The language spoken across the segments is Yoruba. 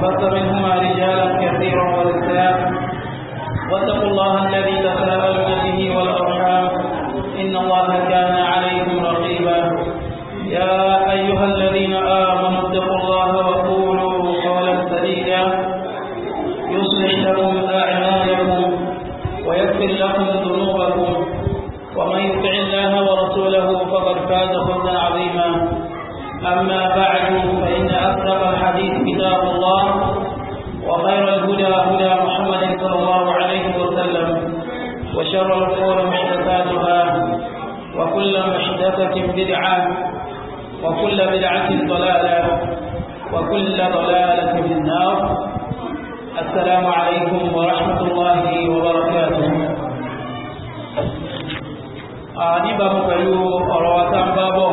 Gracias. محدثة بدعة وكل بدعة ضلالة وكل ضلالة في النار السلام عليكم ورحمة الله وبركاته أعنيبا مكيو أرواتا بابو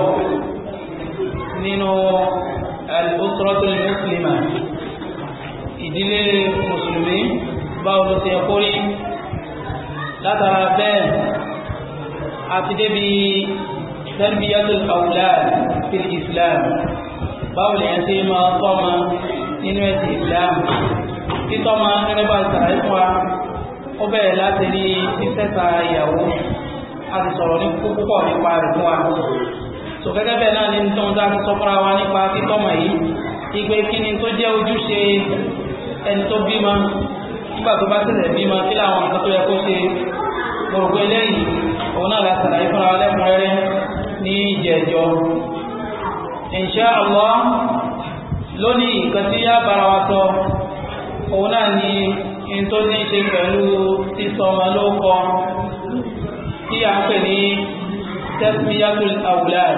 نينو الأسرة المسلمة ìdílé mùsùlùmí báwo ló ti ẹ̀kọ́ rí látara bẹ́ẹ̀ àti débi tarbiyatul awlad fil islam báwo lè ṣe máa tọ́mọ nínú ẹ̀sìn islam títọ́mọ gẹ́gẹ́ bá ṣàlàyé fún wa ó bẹ̀rẹ̀ láti ní títẹ́ta ìyàwó a ti sọ̀rọ̀ ní púpọ̀ nípa rẹ̀ fún wa so gẹ́gẹ́ bẹ́ẹ̀ náà ní tó ń dá ti sọ fúnra wa nípa títọ́mọ yìí ìgbé kí ni tó jẹ́ ojúṣe ẹni tó bímọ nígbà tó bá ṣẹ̀ṣẹ̀ bímọ kí làwọn nǹkan tó yẹ kó ṣe mo rò pé lẹ́yìn òun náà la ṣàlàyé fúnra wa lẹ́kùnrẹ́rẹ́ ní ìjẹjọ insha Allah lónìí nǹkan tí yá bára wa sọ òun náà ni in tó ní ṣe pẹ̀lú sísọ ọmọ ló kọ tí a ń pè ní tasmiyatul awlad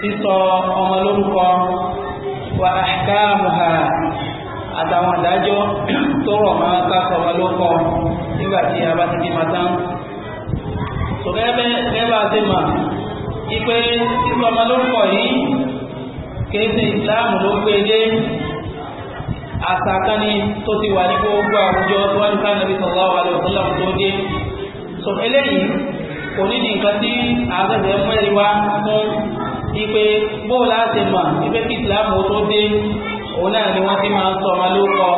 sísọ ọmọ lórúkọ wa ahkamuha àtàwọn àdájọ́ tó rọ̀ máa ká sọ ọmọ ló kọ nígbà tí a tán tó gẹ́gẹ́ bẹ́ẹ̀ bá ṣe mà ipe irú ọmọ ló pọ̀ yìí kìí ṣe islam ló gbé e dé àṣà kan ni tó ti wà ní gbogbo àwùjọ tó wá ní ká nàbí sallallahu alaihi wasallam tó dé so eléyìí kò ní di nǹkan tí àgbẹ̀dẹ̀ fún ẹ̀rí wá fún ipe bóòlù àti mà ipe kí islam tó dé òun náà ni wọ́n ti máa ń sọ ọmọ ló kọ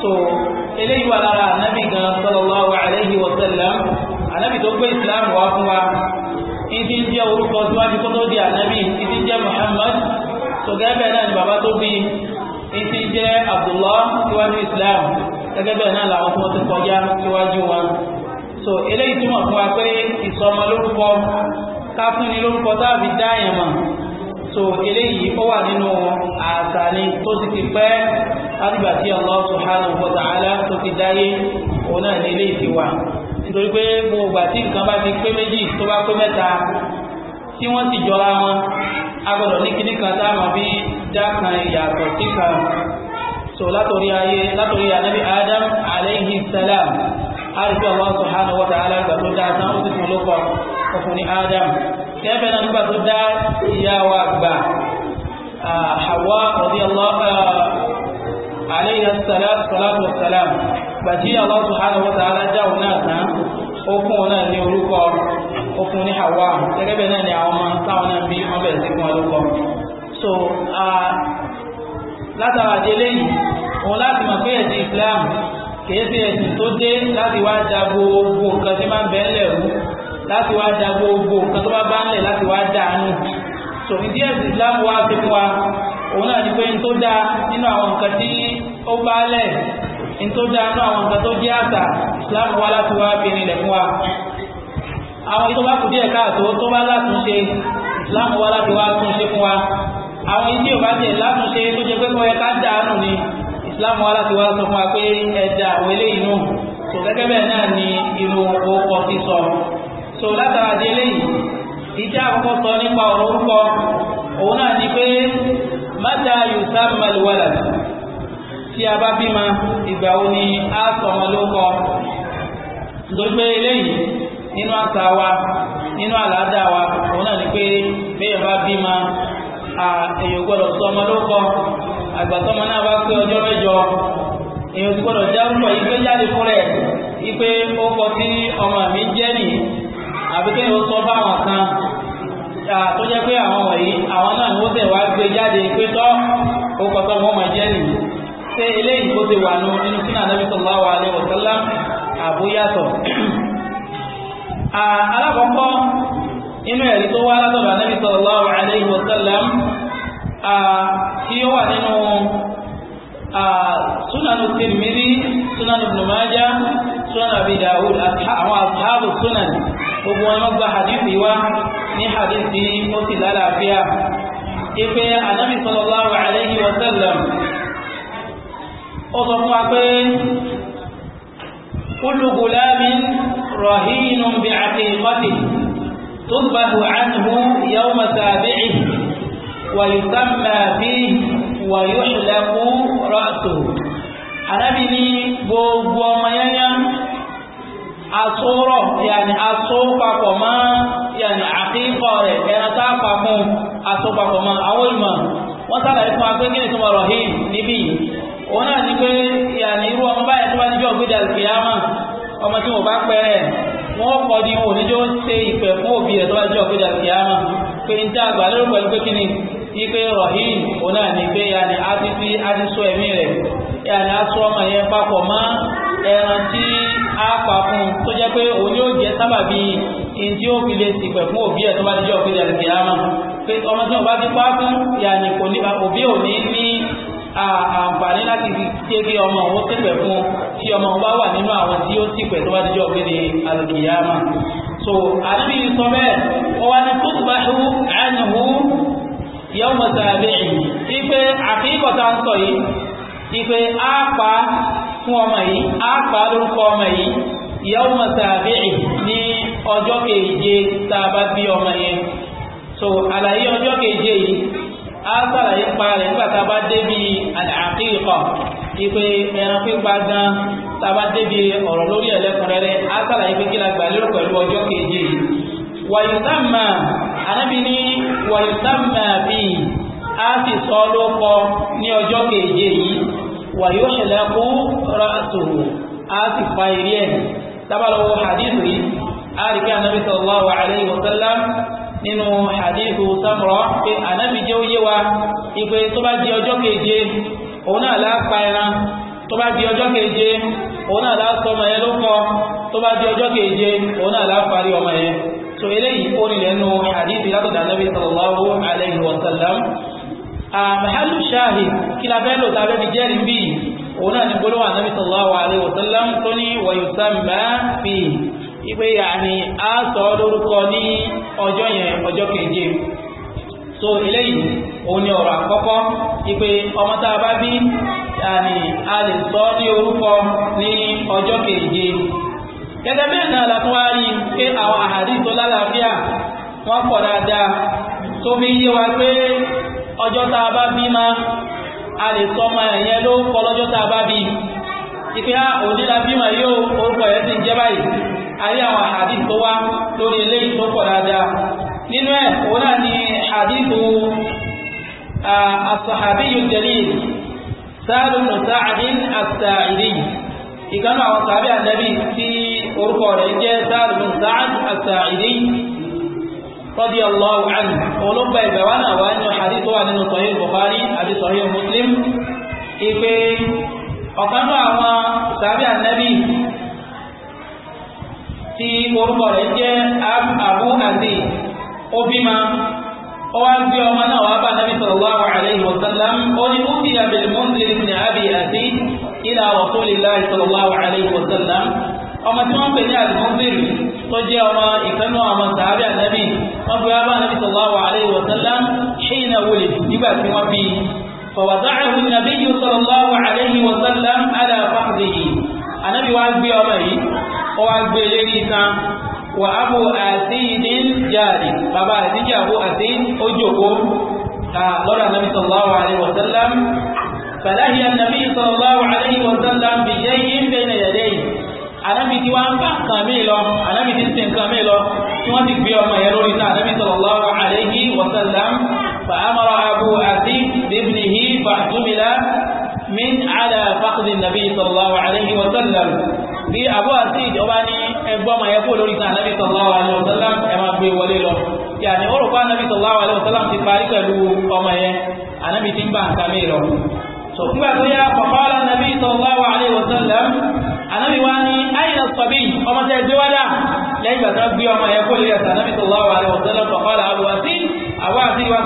so eléyìí wà lára nàbì gan sallallahu alaihi wasallam ànábì tó gbé islam wá fún wa ìdí ń jẹ́ orúkọ síwájú kó tó di ànábì ìdí ń jẹ́ muhammad tó gẹ́gẹ́ náà ni bàbá tó bí ìdí ń jẹ́ abdullah síwájú islam gẹ́gẹ́ náà làwọn tó ti kọjá síwájú wọn so eléyìí túmọ̀ fún wa pé ìsọmọ lórúkọ ká fún ni lórúkọ táàbí dáyàn so eléyìí ó wà nínú àṣà ni tó ti ti pẹ́ látìgbà tí Allah subhanahu wa ta'ala tó ti dáyé òun náà ní eléyìí ti wà nítorí pé gbogbo ìgbà tí nǹkan bá ti pé méjì tó bá pé mẹ́ta tí wọ́n sì jọra wọn a gbọ́dọ̀ ní kíní kan táwọn bí dákan ìyàtọ̀ sí kan so látòrí ayé látòrí anabi adam alayhi salam àrífẹ́ Allah subhanahu wa ta'ala ìgbà tó dá tán ó sì fún lókọ ọkùnrin adam kẹfẹ́ náà nígbà tó dá ìyá wa gbà Hawa radiyallahu alayhi salatu salam gbàtí Allah subhanahu wa ta'ala jáwò náà tán ó fún wọn náà ní orúkọ ó ní Hawa gẹ́gẹ́ bẹ́ẹ̀ náà ni àwọn ọmọ táwọn náà bí wọ́n bẹ̀rẹ̀ sí fún ọlọ́kọ so látara délé yìí òun láti mọ̀ pé ẹ̀sìn Islam kìí ṣe ẹ̀sìn tó dé láti wá da gbogbo nǹkan tí máa ń bẹ́ẹ̀ lẹ̀ rú láti wá da gbogbo nǹkan tó bá bá ń lẹ̀ láti wá dànù sòfin díẹ̀ sí Islam wá fi fún wa òun náà ni pé n tó dáa nínú àwọn nǹkan tí ó bá lẹ̀ nítorí dáa náà àwọn nǹkan tó jẹ́ àṣà islam wá láti wá fi rinlẹ̀ fún wa àwọn èyí tó bá kù díẹ̀ káàtó tó bá látúnṣe islam wá láti wá túnṣe fún wa àwọn èyí tí ò bá tẹ̀ látúnṣe tó jẹ́ pé kọ́ ẹ ká dáánù ni islam wá láti wá sọ fún wa pé ẹja àwọn eléyìí nù tó gẹ́gẹ́ bẹ́ẹ̀ náà ni ìlú orúkọ ti sọ so látara di eléyìí ìjà àkọ́kọ́ sọ nípa ọ̀rọ̀ orúkọ òun náà ni pé mata yusamma alwalad tí a bá bímọ ìgbà wo ni a sọ ló kọ nítorí pé eléyìí nínú àṣà wa nínú àlàáda wa òun náà ni pé béèyàn bá bímọ èèyàn gbọ́dọ̀ sọ ọmọ ló kọ àgbà tọmọ náà bá pé ọjọ́ mẹ́jọ èèyàn ti gbọ́dọ̀ ipe ó kọ sí ọmọ mi jẹ́ nìyí àbí kéèyàn sọ kan tó jẹ́ pé àwọn wọ̀nyí àwọn náà wá gbé jáde pé tọ́ ó kọ ọmọ jẹ́ ṣe eléyìí bó ti wà nínú sínú Ànábì sallallahu alaihi wasallam àbúyàtọ̀ alákọ̀ọ́kọ́ inú ẹ̀rí tó wá látọ̀dọ̀ Ànábì sallallahu alaihi wasallam tí ó wà nínú súnanù Tirmidhi súnanù Ibn Majah súnanù Abi Dawud àwọn àtàbù súnanù gbogbo wọn gba hadithi wa ní hadithi ó sì lálàáfíà ipe Ànábì sallallahu alaihi wasallam ó sọ fún wa pé kullu gulamin rahinun bi aqiqatihi tubahu anhu yawma sabi'ihi wa yusamma fihi wa yuhlaqu ra'suhu arábì ní gbogbo ọmọ yányá asórọ̀ yàní asó papọ̀ mọ́ yàní àkíkọ̀ rẹ̀ ẹran tá a pa mọ́ àwọn olùmọ̀ wọ́n sálàyé fún akéwìn tó mọ̀ rọ̀hìn níbí yìí òun náà ni pé ìyàní irú ọmọ báyìí tó bá níjọ́ ògbéjà kìyàmà ọmọ tí wọ́n bá pẹ́rẹ̀ wọ́n kọ́ di wọn níjọ́ ṣe ìpẹ̀ fún òbí rẹ̀ tó bá níjọ́ ògbéjà kìyàmà pé pẹ̀lú pé ní pé rahim náà pé a ẹ̀mí rẹ̀ ìyàní a ọmọ yẹn papọ̀ mọ́ ẹran tí a pa fún tó jẹ́ pé òun yóò jẹ́ ìdí fún òbí àǹfààní láti fi ṣe kí ọmọ òun ṣépè fún tí ọmọ òun bá wà nínú àwọn tí ó ṣìpẹ̀ tó bá ti jọ gbére alùkìyàmà so àbí sọ bẹ́ẹ̀ wọ́n wá ní kótópá ìwú àánìwú yóò mọ̀ sàbẹ̀ yìí ipe àfihàn sọ yìí ipe á pa fún ọmọ yìí á pa lórúkọ ọmọ yìí yóò mọ̀ sàbẹ̀ yìí ní ọjọ́ keje tá a bá bí ọmọ yẹn so àlàyé ọjọ́ keje yìí á sàlàyé pa rẹ̀ nígbà tá a bá débi àkíkọ̀ ipe ẹran pípa gan tá a bá débi ọ̀rọ̀ lórí ẹ̀lẹ́kùnrẹ́rẹ́ á sàlàyé pé kí la gbà lérò pẹ̀lú ọjọ́ keje wàyùsàmà anábì ní wàyùsàmà bíi á sì sọ lóko ní ọjọ́ keje yìí wàyó ṣẹlẹ́kù rásùrù á sì fa eré ẹ̀ tábàlọ́wọ́ hadith yìí á rí kí anábì sallallahu alaihi wasallam nínú hadithu Samura pé ànábì jẹ́ ó yé wa ipe tó bá di ọjọ́ keje òun náà lápa ẹran tó bá di ọjọ́ keje òun náà lápa ọmọ yẹn ló kọ tó bá di ọjọ́ keje òun náà lápa rí ọmọ yẹn so eléyìí ó nílẹ̀ nínú hadithu látọ̀dọ̀ ànábì sallallahu alayhi wa sallam àmàhálù ṣáàhì kí la fẹ́ lò tàbí fi jẹ́rìí bí òun náà ní gbólóhùn ànábì sallallahu alayhi wa sallam tó ní wàyùsá fi ìpé yàní a sọ lórúkọ ní ọjọ́ yẹn ọjọ́ keje so eléyìí òun ni ọ̀rọ̀ àkọ́kọ́ ìpé ọmọ tá a bá bí yàní a lè sọ ní orúkọ ní ọjọ́ keje gẹ́gẹ́ bẹ́ẹ̀ náà la tún wá rí pé àwọn àhàdí tó lálàáfíà wọ́n pọ̀ dáadáa tó fi yé wa pé ọjọ́ tá a bá ma a lè sọ ọmọ ẹ̀yẹn kọ lọ́jọ́ tá a bá bí ìpé ah, ma yóò orúkọ yẹn ti ń àrí àwọn hadith tó wá lórí eléyìí tó pọ̀ dáadáa nínú ẹ̀ òun náà ni hadithu as-sahabiyyu al-jalil Sahlu ibn Sa'd as-Sa'idi ìkànnì àwọn sàbí ànábì tí orúkọ rẹ̀ jẹ́ Sahlu ibn Sa'd as-Sa'idi radiyallahu anhu olóńgbà ìgbàwá náà wá nínú hadith tó tí orúkọ rẹ̀ jẹ́ Abu Aziz ó bímọ ó wá gbé ọmọ náà wá bá Nabi sallallahu alayhi wa sallam ó ní ó bíyà bil Mundhir ibn Abi Aziz ila Rasulillahi sallallahu alayhi wa sallam ọmọ tí wọ́n pè ní al-Mundhir tó jẹ́ ọmọ ìkanú ọmọ sàábì ànábì wọ́n fi wá bá Nabi sallallahu alayhi wa sallam hina wulida nígbà tí wọ́n bí فوضعه النبي صلى الله عليه وسلم على فخذه أنا بيوان بيومي ó wá gbé lérí tán wà ábò àdéhìdé jáde bàbá àdéjà àbò àdéhìn ó jòkó lọ́dọ̀ nàbí sallallahu alaihi wa sallam fàdáhì nàbí sallallahu alaihi wa sallam bí jẹ́ yín bẹ́ẹ̀ yẹ̀dẹ́yìn anábì tí wọ́n bá kàn mí lọ anábì tí ń sin kàn lọ tí wọ́n ti gbé sallallahu alaihi wa sallam فأمر أبو عتيق بابنه فاحتمل من على فقد النبي صلى الله عليه وسلم bí àbọ̀ àti ìjọba ní ẹgbọ́n ma ẹkú lórí kan anábì sallallahu alaihi wasallam ẹ máa gbé wọlé lọ kí àní ó rò pé anábì sallallahu alaihi wasallam ti parí pẹ̀lú ọmọ yẹn anábì ti ń bá nǹkan mi lọ. sọ fún gbàgbé yá pàpàlà anábì sallallahu alaihi wasallam anábì wá ní àyìnà sọ̀bí ọmọ tẹ́ gbé wádà lẹ́yìn ìgbà tó gbé ọmọ yẹn kó lè ẹ̀sà anábì sallallahu alaihi wasallam pàpàlà àbò àti àwọn àti ìwà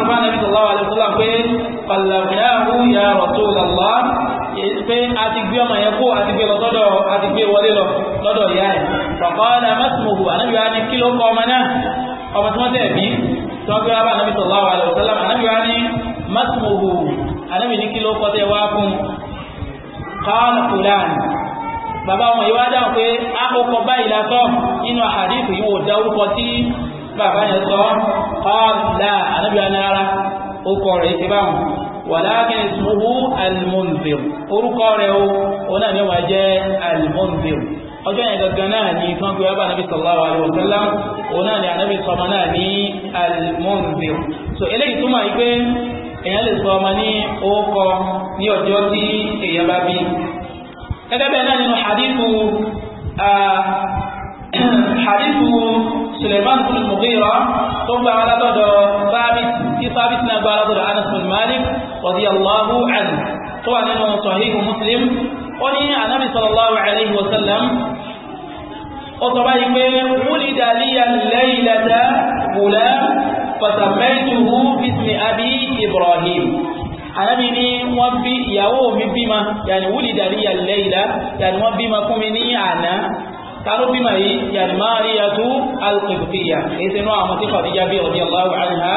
pé a ti gbé ọmọ yẹn kó a ti gbé lọ sọ́dọ̀ a ti gbé wọlé lọ lọ́dọ̀ ìyá ẹ̀ fàkọ́ọ́dà mẹ́sìmòhù ànábìwá ni kí ló kọ ọmọ náà ọmọ tí wọ́n tẹ̀ bí tọ́gbé wa bá ànábì sallallahu alaihi wasallam ànábìwá ni mẹ́sìmòhù ànábì ní kí ló kọ́ tẹ́ wá fún kọ́ọ̀nù fúlàn bàbá ọmọ yìí wá dáhùn pé akókò báyìí la sọ nínú àdìsí yìí wò dá orúkọ tí bàbá yẹn sọ kọ́ọ̀nù là ànábìwá ni ara ó kọ wàláàkì ìsúhú almonville orúkọ rẹ̀ o náà ni wà jẹ́ almonville ọjọ́ yẹn gangan náà ni kan pé ọba anabi sallallahu alaihi wa sallam o náà ni anabi sọmọ náà ní almonville so eléyìí túmọ̀ yìí pé èèyàn lè sọ ọmọ ní orúkọ ní ọjọ́ tí èèyàn bá bí gẹ́gẹ́ bẹ́ẹ̀ náà nínú hadithu hadithu suleiman bin mughira tó gba alátọ́dọ̀ sábìt tí sábìt náà gba alátọ́dọ̀ anas malik radiyallahu anhu tó wà nínú sahihu muslim ó ní anábì sallallahu alayhi wa sallam ó sọ báyìí pé wúlì dàlíyà laylata wùlá fasamẹ́tuhu bísmi abi ibrahim anábì ní wọ́n bí ìyàwó mi bímọ yàní wúlì dàlíyà layla yàní wọ́n bímọ fún mi ní قالوا بما هي يعني ماريا القبطية إذا نوع مصيفة إيجابية رضي الله عنها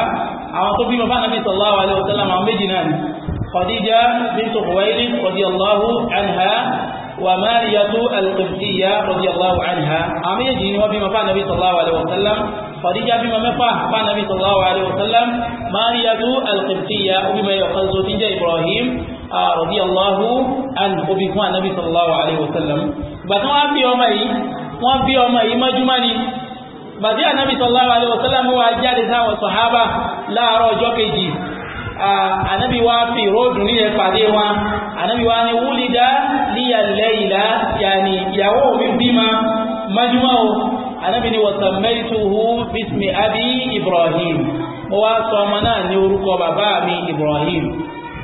عمتو بما فعل النبي صلى الله عليه وسلم عم بجنان خديجة بنت خويلد رضي الله عنها وماريا القبطية رضي الله عنها عم يجين وبما فعل النبي صلى الله عليه وسلم خديجة بما فعل النبي صلى الله عليه وسلم ماريا القبطية وبما يقال زوجة إبراهيم رضي الله عنه وبما النبي صلى الله عليه وسلم بدون أبي يومي wọ́n bí ọmọ yìí mọ́júmọ́ ni bàtí ànábì sallallahu alaihi wasallam wá jáde sáwọn sàhábà láàárọ̀ ọjọ́ kejì ànábì wá fi ròdùn nílẹ̀ pàdé wa ànábì wá ní wúlídá líyà lẹ́yìnlá yàní ìyàwó mi bímọ mọ́júmọ́ o ànábì ni wa sammaytuhu bismi abi ibrahim mo sọ ọmọ náà ní orúkọ bàbá mi ibrahim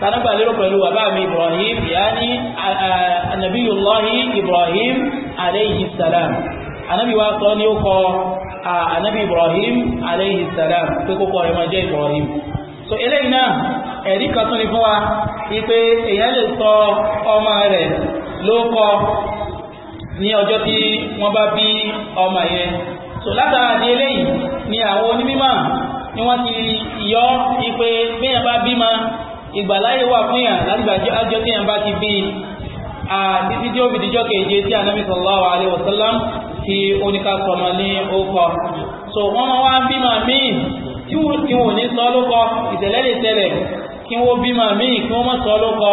tanagba lérò pẹ̀lú bàbá mi ibrahim yaani anabiyullahi ibrahim alayhi salam anabi wa sọ ni ó kọ anabi ibrahim alayhi salam pé kókó rẹ̀ máa jẹ́ ibrahim so eléyìí náà ẹ̀rí kan tún ni fún wa wípé èèyàn lè sọ ọmọ rẹ̀ ló kọ ní ọjọ́ tí wọ́n bá bí ọmọ yẹn so látara di eléyìí ni àwọn onímọ̀ ni wọ́n ti yọ wípé bí èèyàn bá bí ma ìgbàláyé wà fún yàn látìgbà ajọ́ tí yàn bá ti bí títí tí ó fi dijọ́ keje tí anabi sallallahu alayhi wa sallam ti oníka sọmọ ní ọkọ so wọn wá bímọ míì tí wọn ò ní sọ lókọ ìtẹ̀lẹ́ lè tẹ̀lẹ̀ kí wọ́n bímọ míì kí wọ́n mọ́ sọ lókọ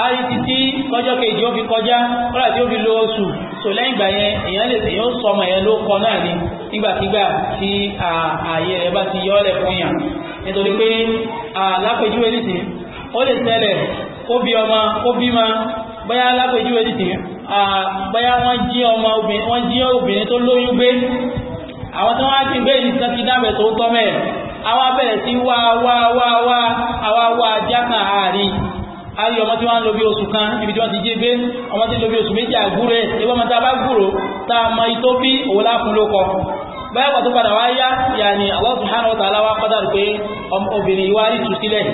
àárí títí kọjọ́ kejì ó fi kọjá kọ́lá tí ó fi lo oṣù so lẹ́yìn ìgbà yẹn èèyàn lè tẹ̀yìn ó sọ ọmọ yẹn ló kọ náà ni nígbàkigbà tí ààyè rẹ̀ bá ti yọ́ lẹ̀ fún yàn nítorí pé lápèjúwe nìsín ó lè ṣẹlẹ̀ kó bí ọmọ kó bí ma bóyá lápèjúwe títì bóyá wọ́n jí ọmọ obìnrin wọ́n jí obìnrin tó lóyún gbé àwọn tó wá ti gbé nìkan ti dábẹ̀ tó tọ́ mẹ́ àwa bẹ̀rẹ̀ sí wá wá wá wá àwa wá ajá kan àárín àárín ọmọ tí wọ́n ń lo bí oṣù kan ibi tí wọ́n ti jí gbé ọmọ tí ń lo bí oṣù méjì àgúrẹ́ ìwọ́n ọmọ tá a bá gbúrò tá a mọ itó bí òun láfun ló kọ báyà wọ́n padà wá yá yàní Allah subhanahu wa ta'ala wá kọ́dà pé obìnrin ìwárí tù sílẹ̀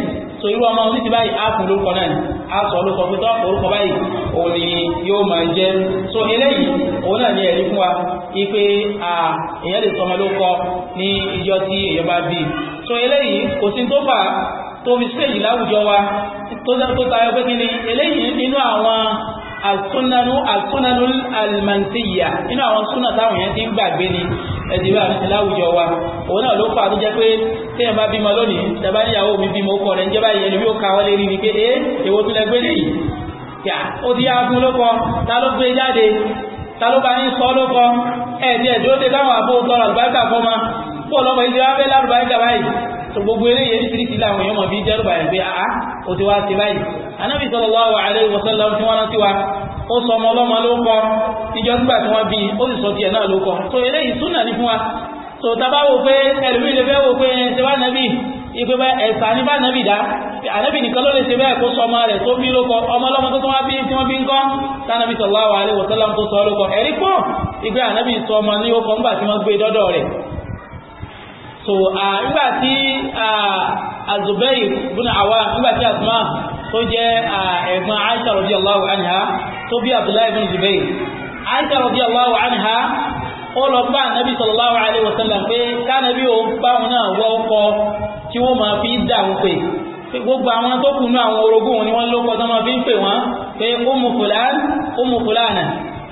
so irú ọmọ oníṣì báyìí á fún lórúkọ náà á sọ lórúkọ pé tọ́pọ̀ orúkọ báyìí òun ni yóò máa jẹ́ so eléyìí òun náà ní ẹ̀rí fún wa ipe èèyàn lè sọmọ lórúkọ ní ìjọ tí èèyàn bá bí so eléyìí kò sí tó fà tó fi stage láwùjọ wa tó tayọ pé kí ni eléyìí nínú àwọn alsunanu alsunanu almansiya inú àwọn súnà táwọn yẹn ti ń gbàgbé ni ẹ̀dìbà láwùjọ wa òun náà ló fà tó jẹ́ pé tí ẹ̀ bá bímọ lónìí tẹ́bá níyàwó mi bímọ ọkọ rẹ̀ ń jẹ́ báyìí ẹni yóò ka wọlé rí ni pé ẹ èwo tún lẹ gbé léyìí ya ó ti yá fún lóko ta ló gbé jáde ta ló bá ní sọ lóko ẹ̀ẹ́dì ẹ̀dúró tẹ káwọn àbó tọrọ àgbáríkà fọ́ ma pọ̀ lọ́mọ ìdíwáfẹ́ lárúbáríkà báyìí so gbogbo eléyìí oríṣiríṣi láwọn èèyàn mọ̀ bí dẹ́rù bàyẹ̀ pé àá o ti wá sí báyìí anábì sallallahu alaihi wasallam tí wọ́n rántí wa ó sọ ọmọ ọlọ́mọ ló kọ níjọ nígbà tí wọ́n bí ó sì sọ tiẹ̀ náà ló kọ so eléyìí súnà ní fún wa so tábà wo pé ẹlòmíì lè fẹ́ wo pé ṣe bá nàbì ìpè bá ẹ̀sà ní bá nàbì dá ànábì nìkan ló lè ṣe bẹ́ẹ̀ kó sọ ọmọ rẹ̀ tó bí ló kọ ọmọ ọlọ́mọ tó wá bí tí wọ́n bí ń kọ́ tánàbì sallallahu alaihi wasallam tó sọ ló kọ ẹ̀rí pọ̀ ìgbé ànábì sọ ọmọ ní ó kọ nígbà tí wọ́n gbé dọ́dọ̀ rẹ̀ so ah, nígbà tí azubair ah, bin awam nígbà tí asma tó jẹ́ ah, ẹ̀gbọ́n aisha radiyallahu anha tó bí abdullahi bin zubair aisha radiyallahu anha ó lọ bá nàbí sallallahu alaihi wasallam pé kánàbí ó bá wọn náà wọ́ ọkọ tí wọ́n máa fi dà wọn pé gbogbo àwọn tó kùnú àwọn orogún wọn ni wọ́n lókọ tó máa fi ń pè wọ́n pé ó mú fúlàní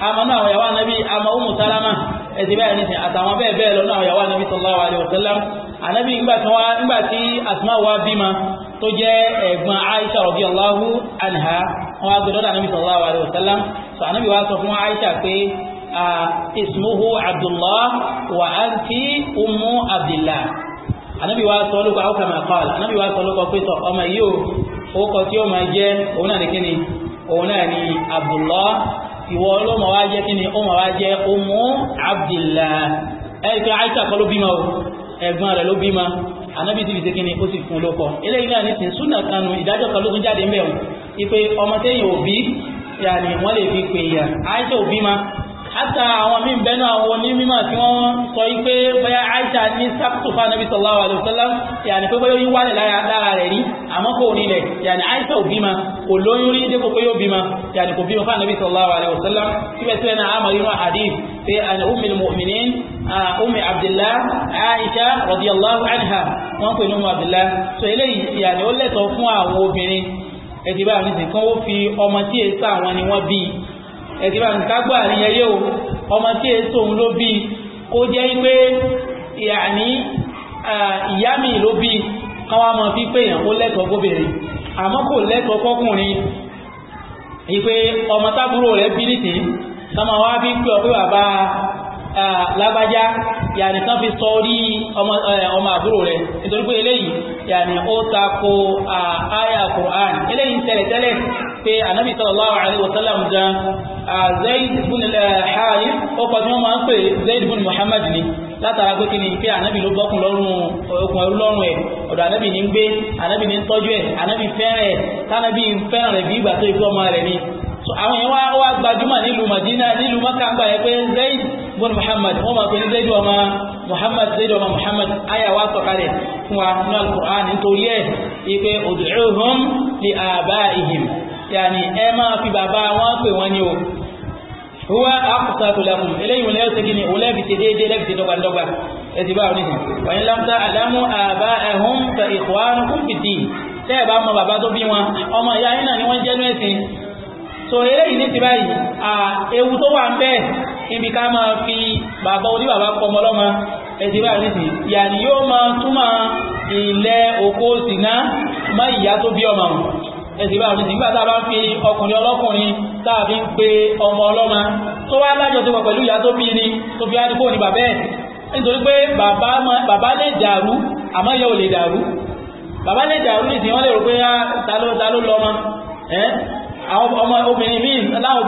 àmọ́ náà àwọn ìyàwó ànábì àmọ́ ó mú sálámà ẹ̀sìn báyìí nìsín àtàwọn bẹ́ẹ̀ bẹ́ẹ̀ lọ́nà àwọn ìyàwó anábì sallallahu alaihi wasallam anábì nígbà tí asma wa bímọ tó jẹ́ ẹ̀gbọ́n aisha radiyallahu anha wọn agbẹ̀dọ́ anábì sallallahu alaihi wasallam sọ anábì wa sọ fún aisha pé ismuhu abdullah wa anti ummu abdillah anábì wa sọ lóko àwọn kàmá kọ́ anábì wa sọ lóko pé sọ ọmọ yìí ó kọ tí ó máa jẹ́ òun ìwọ ọlọ́mọ wá jẹ́ kí ni ó mọ̀ wá jẹ́ ọmọ abdìlá ẹ̀ẹ́dẹ́gbẹ́ àìsà kọ́ ló bímọ o ẹ̀gbọ́n rẹ̀ ló bímọ anábì ti fi ṣe kí ni ó sì fún lókọ eléyìí náà ní sìn súnà kanu ìdájọ́ kan ló tún jáde ń bẹ̀rù ipe ọmọ téèyàn òbí yàní wọ́n lè fi pè yà àìsà òbí ma hátà àwọn míì bẹ́nu àwọn onímọ̀ tí wọ́n sọ yí pé bóyá Aisha ní sákòfà nàbí sallallahu alaihi wasallam yàní pé bóyá yín wálẹ̀ lára rẹ̀ rí àmọ́ kò nílẹ̀ yàní Aisha ò bímọ kò lóyún rí dépò pé yóò bímọ yàní kò bímọ fún nàbí sallallahu alaihi wasallam síbẹ̀síbẹ̀ náà àmọ̀ yìí wọn hadith pé àni ummul mu'minin ummi abdullah Aisha radiyallahu anha wọn pè ní ummu abdullah so eléyìí yàní ó lẹ́tọ̀ọ́ fún àwọn obìnrin ẹ̀dìbà àmì ẹ̀sìn bá ń kágbà ní ẹyẹ o ọmọ tí èso òun ló bí kó jẹ́ pé ìyàní ìyá mi ló bí káwá mọ fi pé èèyàn kó lẹ́tọ̀ọ́ gómìnrin àmọ́ kò lẹ́tọ̀ọ́ kọkùnrin ìpè ọmọ tábúrò rẹ̀ bí nìsín sọmọ wa fi pé ọ bàbá lágbájá yàní san fi sọ orí ọmọ àbúrò rẹ̀ nítorí pé eléyìí yàní ó tako àyà Qur'an eléyìí tẹ́lẹ̀ pé ànábì sallallahu alaihi wasallam gan Zaid ó kọ́ wọ́n máa ń pè Zaid Muhammad ni látara pé kí ni pé ànábì ló bọ́kùn lọ́rùn ẹ̀ ọ̀dọ̀ ànábì ní ń gbé ànábì ní tọ́jú ẹ̀ ànábì fẹ́ràn tánábì fẹ́ràn rẹ̀ bí ìgbà tó ikú ọmọ rẹ̀ ni àwọn bọ́n muhammad wọ́n máa pẹ̀lú zaidu ọmọ muhammad zaidu ọmọ muhammad aya wa sọ̀kalẹ̀ fún wa nínú al-Qur'an nítorí ẹ̀ ipe ud'uhum li aba'ihim yàní ẹ máa fi bàbá wọn pè wọn ni o huwa aqsatu lakum eléyìí wọn lẹ́yìn sẹ́kìnì òun lẹ́bi ti déédéé lẹ́bi ti dọ́gbadọ́gba ẹ ti bá wọn nìyẹn wa in lam ta'lamu aba'ahum fa ikhwanukum fid-din ẹ bá mọ bàbá tó bí wọn ọmọ ìyá yín náà ni wọ́n jẹ́ nú ẹ̀sìn so eléyìí ní ti báyìí ewu tó wà ń bẹ́ẹ̀ níbi ká máa fi bàbá orí bàbá kọmọ lọ́mọ ẹ̀sì bá nìsí yàní yóò ma túmọ̀ ilẹ̀ òkú sínà mọ́ ìyá tó bí ọmọ ẹ̀sì bá nìsí nígbà bá fi ọkùnrin ọlọ́kùnrin tá ń pe ọmọ ọlọ́mọ tó wá lájọsọpọ̀ pẹ̀lú ìyá tó bí ni tó fi á ní fóònù bàbá ẹ̀ nítorí pé bàbá lè dàrú àmọ́ ìyá ò lè dàrú bàbá lè dàrú nìsí wọ́n lè rò pé ah, ta ló lọ́mọ àwọn ọmọ obìnrin míì láwọn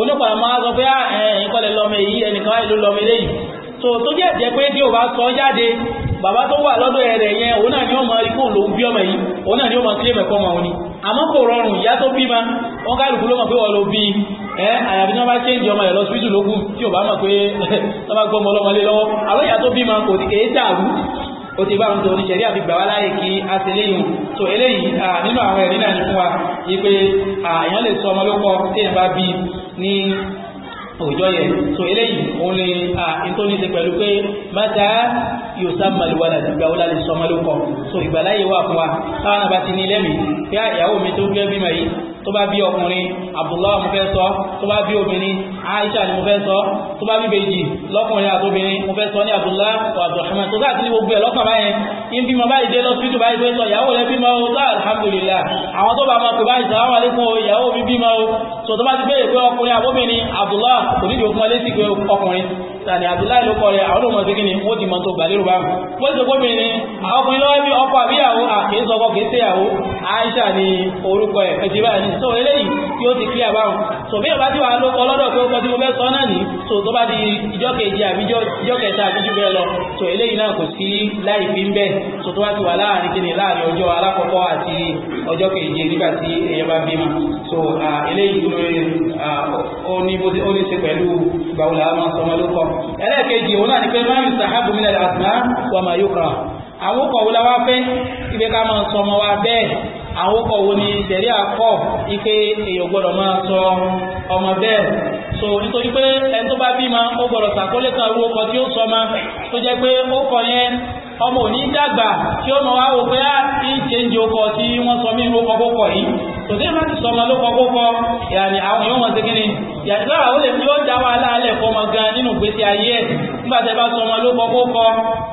onípa máa sọ pé ah, eh, ẹ̀yìn kọ́lẹ̀ lọ́mọ èyí ẹnìkan wáyé ló lọ́mọ eléyìí tó tó jẹ́ jẹ́ pé tí ò bá sọ jáde bàbá tó wà lọ́dọ̀ ẹ̀rẹ̀ yẹn òun náà ni ó máa rí kó lòun bí ọmọ yìí òun náà ni ó máa kílẹ̀ mẹ́kọ́ ọmọ òun ni àmọ́ kò rọrùn ìyá tó bí ma wọ́n kálukú ló mọ̀ pé wọ́n ló bí ẹ àyàfi tí wọ́n bá ṣéǹjì ọmọ rẹ̀ lọ síbítù lókù tí ò bá mọ̀ pé wọ́n gbọ́ ọmọ ọlọ́mọlé lọ́wọ́ àwọn ìyá tó bí ma kò ti kéé dàrú ó ti bá ń tó àti gbà wá láyé kí a ti léyìn tó eléyìí nínú àwọn ẹ̀rí náà ní fún wa yí pé àyàn lè sọ ọmọ lókọ tí èèyàn bá bí ní òjò yẹn so eléyìí òun ni ìtòní ti pẹ̀lú pé mẹ́ta yóò sábà lùwà láti gba ó láti sọmọ ló kọ so ìgbàláyè wà fún wa táwọn àbá ti ní lẹ́mìí bí ìyàwó mi tó gbé bímọ yìí tó bá bí ọkùnrin Abdullahi mo fẹ́ sọ tó bá bí obìnrin Aisha ni mo fẹ́ sọ tó bá bí bèjì lọ́kùnrin àtobìnrin mo fẹ́ sọ ní Abdullahi wa Abdulrahman tó sáà ti ní gbogbo ẹ̀ lọ́kàn báyẹn ń bímọ báyìí dé lọ́sítù báyìí tó ń sọ ìyàwó rẹ̀ bímọ o tó ah, alhamdulillah àwọn tó bá máa pè báyìí sàwọn àlékún ìyàwó mi bímọ o tó tó bá ti béèrè pé ọkùnrin àbóbìnrin Abdullah kò nídìí òkun ọlẹ́sì pé ọkùnrin tàní Abdullah ló kọ rẹ̀ àwọn ọmọ sí kíni wọ́n ti mọ tó gbàlérò bá wọ́n ti Aisha ni orúkọ ẹ̀ so eléyìí yóò ti clear so bí ìbá tí wàá ló kọ lọ́dọ̀ pé ó so tó di ìjọ́ kejì àbíjọ́ kẹta àbíjú bẹ́ẹ̀ lọ so eléyìí náà kò sí láì fi ń bẹ́ẹ̀ tó tó wá ti wà láàrin kí ni láàrin ọjọ́ alákọ̀ọ́kọ́ àti ọjọ́ keje nígbà tí èèyàn bá bímọ so eléyìí ó ní bó ti ó ní ṣe pẹ̀lú gbàwùlà máa sọmọ lókọ ẹlẹ́ẹ̀kejì òun náà ni so nítorí pé ẹni tó bá bímọ ó gbọ́dọ̀ sàkólé kan tí ó sọmọ tó jẹ́ pé ó kọ yẹn ọmọ òní dàgbà tí ó mọ̀ wá wò pé á ti ń ṣe ń jẹ ọkọ̀ tí wọ́n sọ mí ló kọ́kọ́ kọ̀ yìí tòtí ìmọ̀ ti sọ ọmọ ló kọ́kọ́ kọ́ yàní àwọn èèyàn ah, wọn ti sọ ọmọ ló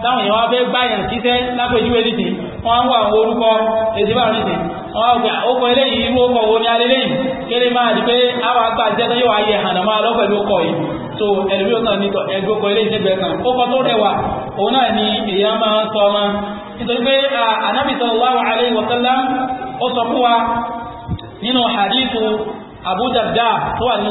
táwọn èèyàn fẹ́ lápèjúwe nìdí á wà orúkọ bá nìdí á ah, eléyìí irú so ẹlòmí ọ̀nà ní ẹgbẹ́kọ̀ ilé ìṣẹ́gbẹ̀ kan ó kọ tó rẹwà òun náà ni èyà máa sọ ọmọ nítorí pé Ànábì sallallahu alaihi wa sallam ó sọ fún wa nínú hadithu Abu Darda tó wà ní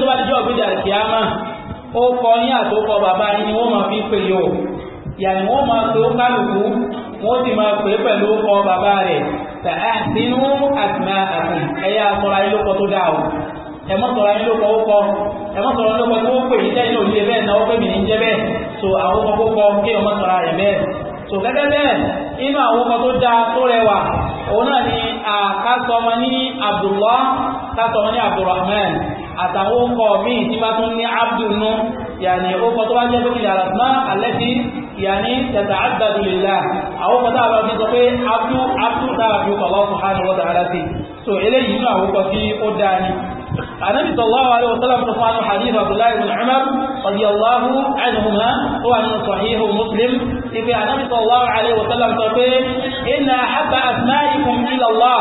Sunan ó kọ ní àtòkọ bàbá ni wọ́n máa fi pè yóò yàrá wọn máa pè ó kálukú wọn sì máa pè é pẹ̀lú ọkọ bàbá rẹ̀ tàà sínú àtìmá àti ẹ̀yà sọ̀rọ̀ ayé lóko tó dáa o ẹ̀mọ́ sọ̀rọ̀ ayé lóko ó kọ ẹ̀mọ́ sọ̀rọ̀ lóko pè ní sẹ́yìn òjì bẹ́ẹ̀ náà ó pè mí ní jẹ́ bẹ́ẹ̀ so àwọn ọkọ̀ kókọ kí ọmọ sọ̀rọ̀ rẹ̀ bẹ́ẹ̀ so gẹ́gẹ́ bẹ́ẹ̀ inú àwọn ọkọ̀ tó dáa tó rẹwà òun náà ni àkásọmọ ní Abdullah kásọmọ ní Abdulrahman àtàwọn ọkọ̀ míì tí wọ́n tún ní Abdul nù yàní ọkọ̀ tó wá jẹ́ يعني تتعبد لله او فتابع في صفي عبد عبد تابع الله سبحانه وتعالى فيه سو اليه ما هو في قداني النبي صلى الله عليه وسلم تفعل حديث عبد الله بن عمر رضي الله عنهما هو من صحيح مسلم في النبي صلى الله عليه وسلم صفي ان احب اسمائكم الى الله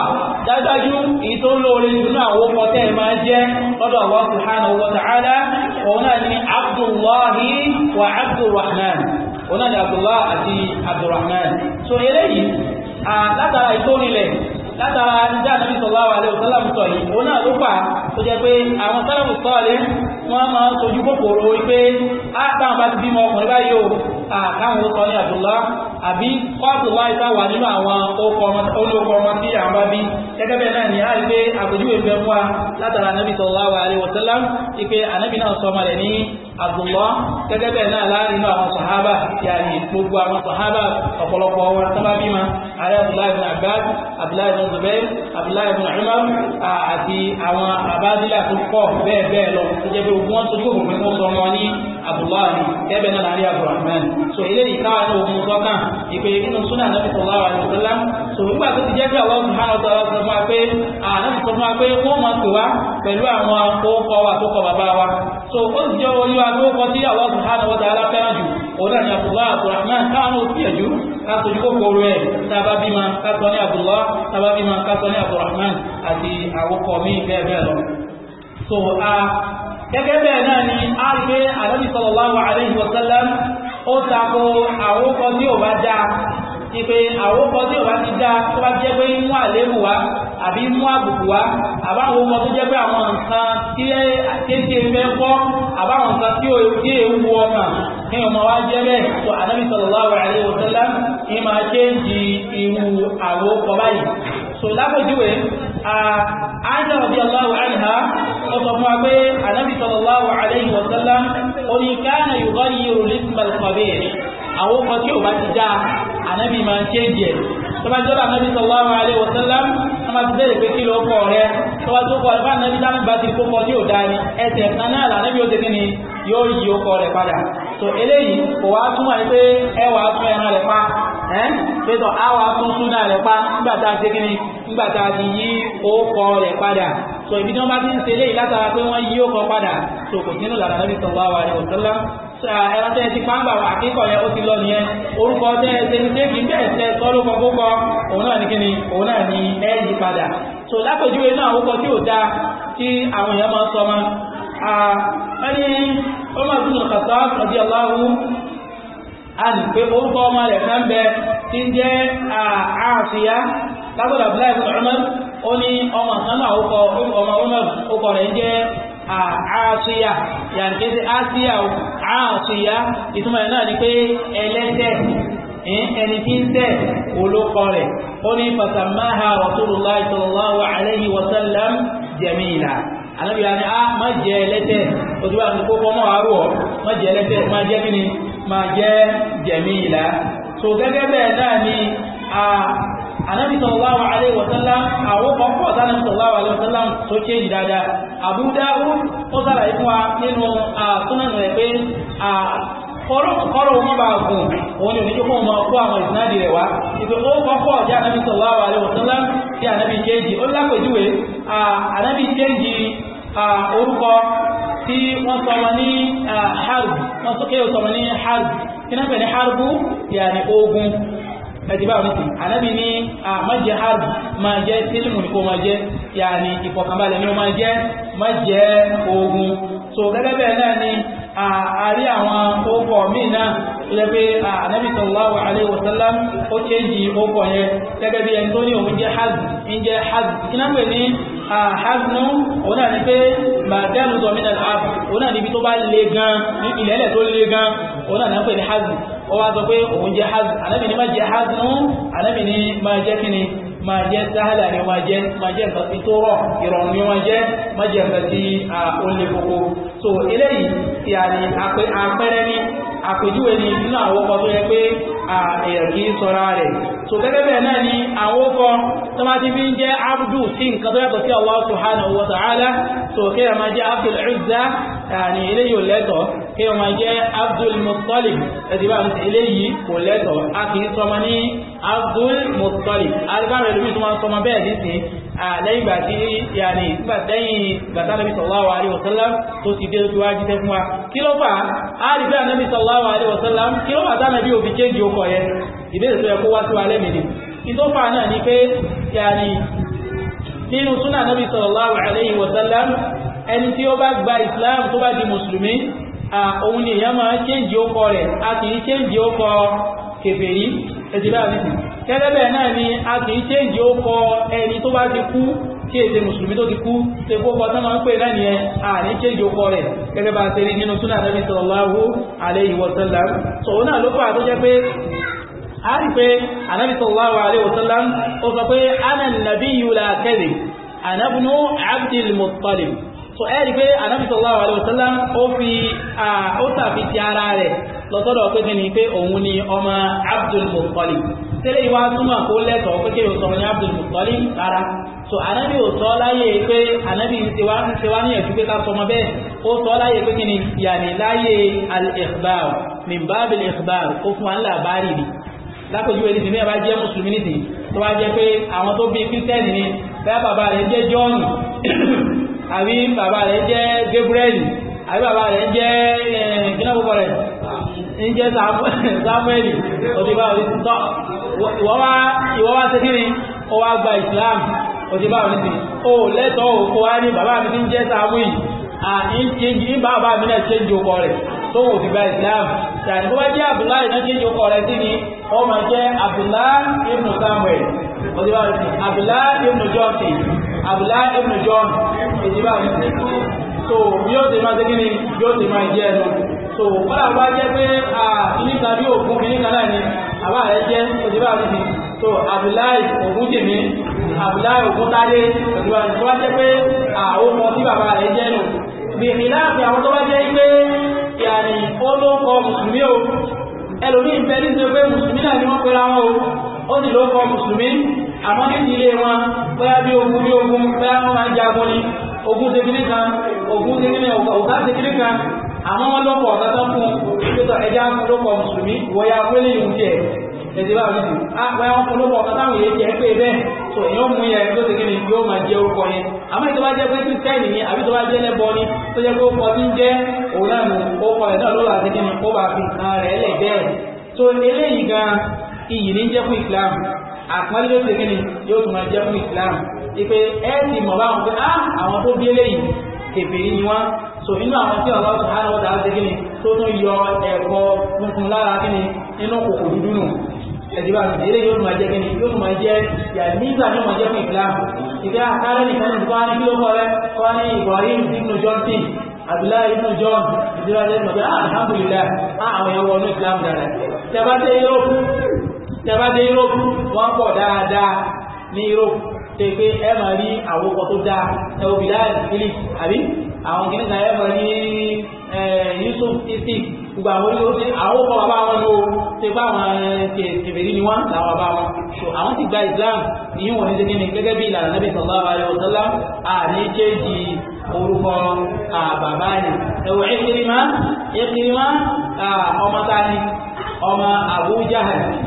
dájú ìtòlò orí ìdúnà àwọn ọmọ tẹ́ máa jẹ́ lọ́dọ̀ Allah subhanahu wa ta'ala òun náà ni Abdullahi wa Abdurrahman onáni abdullah àti abdulrahman so eléyìí látara ìtónilẹ̀ látara nígbà nàbí sallallahu alaihi wasallam sọ yìí òun náà ló fà tó jẹ́ pé àwọn sálàmù sọ́ọ̀lẹ́ wọ́n máa ń sojú kòkòrò wípé àtàwọn bá ti bímọ ọkùnrin báyìí o àkáwọn ó ní Abdullah àbí kọ́ọ̀tù wáyé bá wà nínú àwọn olóko ọmọ tí àwọn bá bí gẹ́gẹ́ bẹ́ẹ̀ náà ni a rí pé àpèjúwe fẹ́ fún wa látara anábì sallallahu alaihi wasallam ipe anábì náà sọ ọmọ ní Abdullah gẹ́gẹ́ bẹ́ẹ̀ náà láàrin náà àwọn sàhábà yàrá gbogbo àwọn sàhábà ọ̀pọ̀lọpọ̀ wọn tó bá bímọ ààrẹ Abdullahi ibn Abbas Abdullahi ibn Zubair Abdullahi ibn Umar àti àwọn àbádìlà tó pọ̀ bẹ́ẹ̀ bẹ́ẹ̀ lọ tó jẹ́ wọ́n tó jókòó pé wọ́n sọ ọmọ ní abdullahi tẹ́bẹ̀ náà láàrin abdulrahman so eléyìí káwọn náà ogun sọ́kàn ìpè nínú súnà so nígbà tó ti jẹ́ pé àwọn ọ̀sán ọ̀sán ọ̀sán fún wa pé ànábì sọ fún wa pé wọ́n máa pè so ó sì jẹ́ orí wa lórúkọ tí àwọn ọ̀sán ọ̀sán aláfẹ́ràn jù òun náà ni abdullahi abdulrahman káwọn náà ó gbìyànjú kátó ní kókòrò ẹ̀ tába bímọ kátó ní abdullah tába bímọ kátó ní abdulrahman àti àwòkọ míì bẹ́ẹ̀ bẹ́ẹ̀ lọ so a gẹ́gẹ́ bẹ́ẹ̀ náà ni a rí pé ànábì sallallahu alaihi wasallam ó tako àwòkọ tí ò bá dáa ti pé àwòkọ tí ò bá ti dáa tó bá jẹ́ pé ń mú àléébù wá àbí mú àbùkù wá àbáwọn tó jẹ́ pé àwọn nǹkan tí kéde fẹ́ àbáwọn nǹkan tí ò tí è wú ní ọmọ wa jẹ́ bẹ́ẹ̀ tó ànábì sallallahu alaihi wasallam máa ṣe ń di irú àwòkọ báyìí so lápòjúwe àájá radiyallahu anha ó sọ fún wa pé anábì sallallahu alayhi wa sallam ó ní káàna yughayyiru al-isma al-khabir àwọn kan tí ò bá ti dá anábì máa ń ṣe jẹ tó bá jọ́dọ̀ anábì sallallahu alayhi wa sallam wọ́n máa ti bẹ̀rẹ̀ pé kí ló kọ rẹ tó bá so eléyìí kò wá túmọ̀ ní pé ẹ wà á tún ẹran rẹ̀ pa ẹ́ pẹ̀tọ̀ á wà á tún súnà rẹ̀ pa nígbà tá a ṣe kí ni nígbà tá a ti yí orúkọ rẹ̀ padà so ibi tí wọ́n bá ti ń ṣe eléyìí látara pé wọ́n yí orúkọ padà so kò sínú làrá nàbí sallallahu alaihi wasallam ẹran tẹ́ ẹ ti pàǹgbà wà kíkọ̀ yẹn ó ti lọ nìyẹn orúkọ tẹ́ ẹ ṣe ní ṣé kì í bẹ́ẹ̀ ṣe sọ́lùkọ púpọ̀ òun náà ní kí ni òun náà ní ẹ yí padà so lápèjúwe náà orúkọ tí ò dáa tí àwọn èèyàn máa ń sọ mọ́ ẹni ah, Umar bin Khattab radiyallahu anhu pé orúkọ ọmọ rẹ̀ kan bẹ tí ń jẹ́ Àsíyà lágbàdo Abdullahi bin Umar ó ní ọmọ kan náà ọkọ ọmọ Umar ọkọ rẹ̀ ń jẹ́ Àsíyà yàrá kí ṣe Àsíyà Àsíyà ìtumọ̀ yẹn náà ni pé ẹlẹ́ṣẹ̀ ẹni tí ń tẹ̀ olókọ rẹ̀ ó ní fasamaha Rasulullah sallallahu alayhi wa sallam jamila ànábì wa ni a ah, má jẹ ẹlẹ́tẹ̀ ojú wa ni kó kọ́ mọ́ àárò ọ́ má jẹ ẹlẹ́tẹ̀ má jẹ́ kí ni má jẹ́ jẹ̀mí ìlà so gẹ́gẹ́ bẹ́ẹ̀ náà ni ànábì sallallahu alaihi wa sallam àwọn kan pọ̀ sáà alaihi wa sallam tó ṣe dáadáa Abu Dawud ó sára ikú wa nínú àtúnànù rẹ̀ pé kọ́rọ̀ kọ́rọ̀ wọn bá gùn òun ni oníjó fún ọmọ kó àwọn ìsinádì rẹ̀ wá ìpè ó kọ́kọ́ ọ̀dí anábì sallallahu alaihi wasallam tí anábì jẹ́jì ó lápèjúwe anábì jẹ́jì orúkọ tí wọ́n sọmọ ní harb wọ́n sọ kéwọ́ sọmọ ní harb tí náà pẹ̀lú harbu yàní ogun ẹ̀dìbà òmìtì anábì ní àmájẹ harb máa jẹ́ sílùmù ní kó máa jẹ́ yàní ìfọ̀kànbalẹ̀ ní ó máa jẹ́ máa jẹ́ ogun so gẹ́gẹ́ bẹ́ẹ̀ náà ni àárí àwọn ókọ̀ míì náà ilẹ̀ pé ànábì sallallahu alaihi wasallam ó kéjì ókọ̀ yẹn gẹ́gẹ́ bí ẹni tó ní òun jẹ́ haz ń jẹ́ haz kí náà pè ní àhaznu òun náà ni pé màdánù domina al òun náà níbi tó bá le gan ní tó le máa jẹ́ sáhálà ni wọ́n jẹ́ máa jẹ́ nǹkan tí tó rọ̀ ìrọ̀rùn ni wọ́n jẹ́ máa jẹ́ nǹkan tí ó lè koko so eléyìí tí a ní apẹ́rẹ́ ní àpèjúwe ni nínú àwọn ọkọ̀ tó yẹ pé èèyàn kì rẹ̀ so gẹ́gẹ́ bẹ́ẹ̀ náà ni àwọn ọkọ̀ tó máa ti fi ń jẹ́ abdu sí nǹkan tó yàtọ̀ sí Allah subhanahu wa ta'ala so kí ẹ máa jẹ́ abdul izza ní eléyìí ò lẹ́tọ̀ọ́ kí ẹ máa jẹ́ abdul muttalib ẹ̀dìbà eléyìí kò lẹ́tọ̀ọ́ a kì í sọmọ ní Abdul Muttalib alibára ẹlòmí tó máa ń sọmọ bẹ́ẹ̀ nísìn lẹ́yìn ìgbà tí yàní nígbà lẹ́yìn gbàtà nàbí sallallahu alaihi wasallam tó ti dé ojú wájú tẹ́fún wa kí ló fà á rí bẹ́ẹ̀ nàbí sallallahu alaihi wasallam kí ló fà tá nàbí òbí chéńjì ó kọ̀ yẹn ìbéèrè tó yẹ kó wá sí wa lẹ́mìí ìtọ́fà náà ni pé yàní nínú súnà nàbí sallallahu alaihi wasallam ẹni tí ó bá gba Islam tó bá di mùsùlùmí òun ni èèyàn máa chéńjì ó kọ rẹ̀ a kì í chéńjì ó kọ kèfèrí ẹ̀sìn bá mi gẹ́gẹ́ bẹ́ẹ̀ náà ni a kì í ṣéǹjì ó kọ ẹni tó bá ti kú tí èdè mùsùlùmí tó ti kú tí ó kọ́ tán máa ń pè náà ni ẹ àní ṣéǹjì ó kọ rẹ̀ gẹ́gẹ́ bá ṣe rí nínú súnà Ànábì sallallahu alaihi wasallam sọ̀rọ̀ náà ló pàtó jẹ́ pé a rí pé Ànábì sallallahu alaihi so ẹ pé Ànábì sallallahu ó fi ó lọ́sọ́dọ̀ pé kí ni pé òun ni ọmọ Abdul Muttalib tẹ́lẹ̀ ìwà túmọ̀ kó lẹ́tọ̀ọ́ pé kí ní Abdul rárá so anabi ò sọ láyé pé anabi ń ṣe wá ní ẹ̀sùn pé ká sọmọ bẹ́ẹ̀ ó sọ láyé pé kí ni yàní láyé al-ikhbar min bab al-ikhbar ó fún wa ńlá bárì ni lápèjúwe ní sinmi ẹ bá jẹ́ mùsùlùmí nìsí tó bá jẹ́ pé àwọn tó bí kírísítẹ́nì ni bẹ́ẹ̀ bàbá rẹ̀ jẹ́ John àbí bàbá rẹ̀ jẹ́ Gabriel àbí bàbá rẹ̀ jẹ́ gínáwó eh, rẹ̀ ń jẹ́ samuel òdìbá òdìsítọ́ ìwọ́ wá ṣe kíni ó wá gba islam òdìbá òdìsí ó lẹ́tọ̀ọ́ ó wá ní bàbá mi ti ń jẹ́ samuel ìbá bàbá mi náà ṣe ń jòkọ rẹ̀ islam ṣàní bó bá jẹ́ abdullahi náà ṣe ń jòkọ rẹ̀ sí ni ó máa jẹ́ abdullahi ibn samuel òdìbá òdìsí abdullahi ibn john abdullahi ibn john òdìbá òdìsí tó yóò ti máa ṣe kíni yóò ti máa jẹ́ ẹnu so wọ́n àwọn ajẹ́ pé kìnnìkan bí òkun kìnnìkan náà ni àbá rẹ̀ jẹ́ òjìbá mi ni so Abdullahi ògún tèmi Abdullahi ògún táyé òjìbá mi tó wá jẹ́ pé àwọn ọmọ tí bàbá rẹ̀ jẹ́ nù bìbì láàfin àwọn tó bá jẹ́ pé yàrá olóńkọ mùsùlùmí o ẹlòmí ìfẹ́ ní ti pé mùsùlùmí náà ni wọ́n pera wọn o ó sì ló kọ mùsùlùmí àmọ́ ní ilé wọn bóyá bí ogun bí ogun bóyá wọn máa jagun ni ogun tẹbílì kan ogun tẹbílì ọ̀gá tẹbílì kan àmọ́ wọn lọ́pọ̀ ọ̀tọ́tọ́ fún ìgbésọ̀ ẹja fún lọ́pọ̀ mùsùlùmí wọ́yá wẹ́lẹ̀ ìhun tiẹ̀ ẹ̀sẹ̀ bá rí sí wọ́yá wọn fún lọ́pọ̀ ọ̀tọ́tọ́ àwọn èèyàn pé bẹ́ẹ̀ tó èèyàn mú yẹn tó ti kí ni yóò máa jẹ orúkọ yẹn àmọ́ ìtọ́ bá jẹ́ pé kírísítẹ́nì ni àbí tó bá jẹ́ lẹ́bọ ni tó jẹ́ pé ó kọ tí ń jẹ́ òun náà nù ó kọ rẹ̀ náà ló wà sí kí ni ó bá fi nǹkan rẹ̀ lẹ̀ bẹ́ẹ̀ tó eléyìí gan iyì ní Islam àpọ́nlé ló ti kí ni yóò tún máa jẹ́ Islam ìpè ẹ́ẹ̀sì mọ̀ báwọn pé á ah, àwọn tó bí eléyìí kèfèrí ni wọ́n so inú àwọn tí Allah subhanahu wa ta'ala kíni tó tún yọ ẹ̀kọ́ tuntun lára kíni nínú kòkò dúdú nù ẹ̀dìbà ìdílé yóò máa jẹ́ kíni yóò máa jẹ́ yàgbígbà ní máa jẹ́ fún ìsìlámù ìgbà àkárẹ́ nìkan ní ìgbà ní kí ló kọ́ rẹ kọ́ ní Ibrahim ibn Johnson Abdullahi ibn John ìdílé ọjọ́ ìmọ̀jọ́ alhamdulillah ah, àwọn ẹ̀wọ̀ ní ìsìlámù dára tẹ́bàdé Europe tẹ́bàdé Europe wọ́n pọ̀ dáadáa ní Europe tẹ́ pé ẹ máa rí àwòkọ́ tó dáa ẹ̀ àwọn kìíní kan ẹ̀mọ̀ ní Yusuf isi gbogbo àwọn oríṣi àwọn ọkọ̀ bàbá wọn ló ṣe bá àwọn kèfèrí ni wọ́n làwọn bàbá wọn so àwọn ti gba Islam ìyí wọn ní ṣe kíni gẹ́gẹ́ bí ìlànà Nabi sallallahu alaihi wasallam àní kéjì orúkọ bàbá ni ẹ̀wọ̀ Ikrima Ikrima ọmọ tani ọmọ Abu Jahal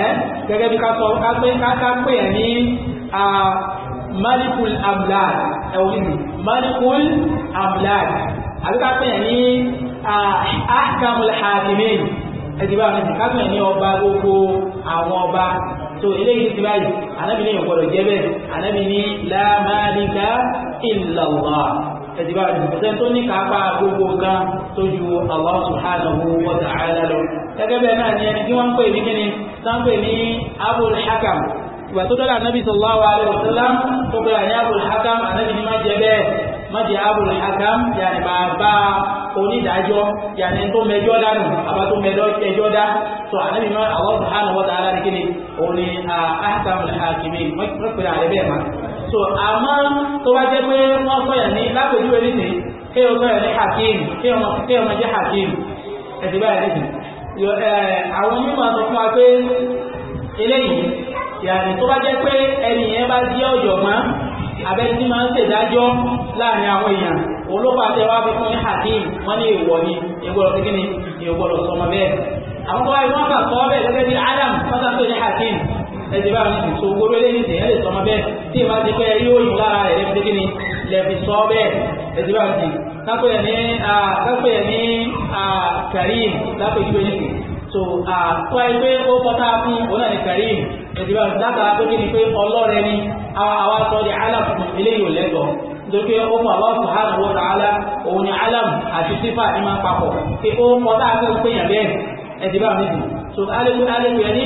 ẹ́ eh? gẹ́gẹ́ bí ká sọ ká pé ká pè ẹ̀ ní malikul amlad ẹ̀wọ̀n nínú malikul amlad àbí ká pè ẹ̀ ní ahkamul hakimin ẹ̀dìbà mi ká pè ẹ̀ ní ọba gbogbo àwọn ọba so eléyìí ti báyìí anábì ní ìgbọ̀dọ̀ jẹ́ bẹ́ẹ̀ anábì ní la malika illa Allah ẹ̀dìbà tó ní kápá gbogbo nǹkan tó ju Allah subhanahu wa ta'ala lọ gẹ́gẹ́ bẹ́ẹ̀ náà ni ẹni tí wọ́n ń pè ní kíni sáńpẹ̀ ní abul hakam ìgbà tó dọ́là anábì sallallahu alaihi wasallam tó bẹ̀rẹ̀ ní abul hakam anábì ní má jẹ bẹ́ẹ̀ má jẹ abul hakam yàní bàbá onídàájọ́ yàní tó mẹjọ́ dànù àbá tó mẹjọ́ dá tó anábì má Allah subhanahu wa ta'ala ní kíni òun ni ahkamul hakimin mọ́kùnrin àrẹ bẹ́ẹ̀ ma so àmọ́ tó bá jẹ́ pé wọ́n sọ̀yà ní lápèjúwe nìsín kéèyàn sọ̀yà ní hakim kéèyàn jẹ́ hakim ẹ̀sìn báyà Eh, àwọn onímọ̀ sọ fún wa pé eléyìí yàrá tó bá jẹ́ pé ẹni yẹn bá jẹ́ ọ̀jọ̀gbọ́n abẹ́ni tí máa ń ṣèdájọ́ láàrin àwọn èèyàn olóòpá tẹ wá fi ní hakim wọ́n ní èèwọ̀ ni ìgbọ́dọ̀ sí kíni ìgbọ́dọ̀ sọmọ bẹ́ẹ̀ àwọn kọ́wá adam ní bá mi sọ gbogbo eléyìí sọmọ bẹ́ẹ̀ tí ìbá ti pẹ́ yóò lára rẹ̀ lẹ́fi sọ bẹ́ẹ̀ lápẹ̀yẹ ní lápẹ̀yẹ ní karim lápẹ̀jú ẹ̀yìn so tó ẹ pé ó kọta fún òun náà ní karim ẹ̀dìbà látara pé kí ni pé ọlọ́rẹ̀ ni àwa sọ di alam fún eléyìí ò lẹ́gọ̀ọ́ nítorí pé ó mọ àwọn subhanahu wa ta'ala òun ni alam àti sífà ní máa papọ̀ pé ó kọta fún péyàn bẹ́ẹ̀ ẹ̀dìbà níbi so alẹ́kùn alẹ́kùn ẹni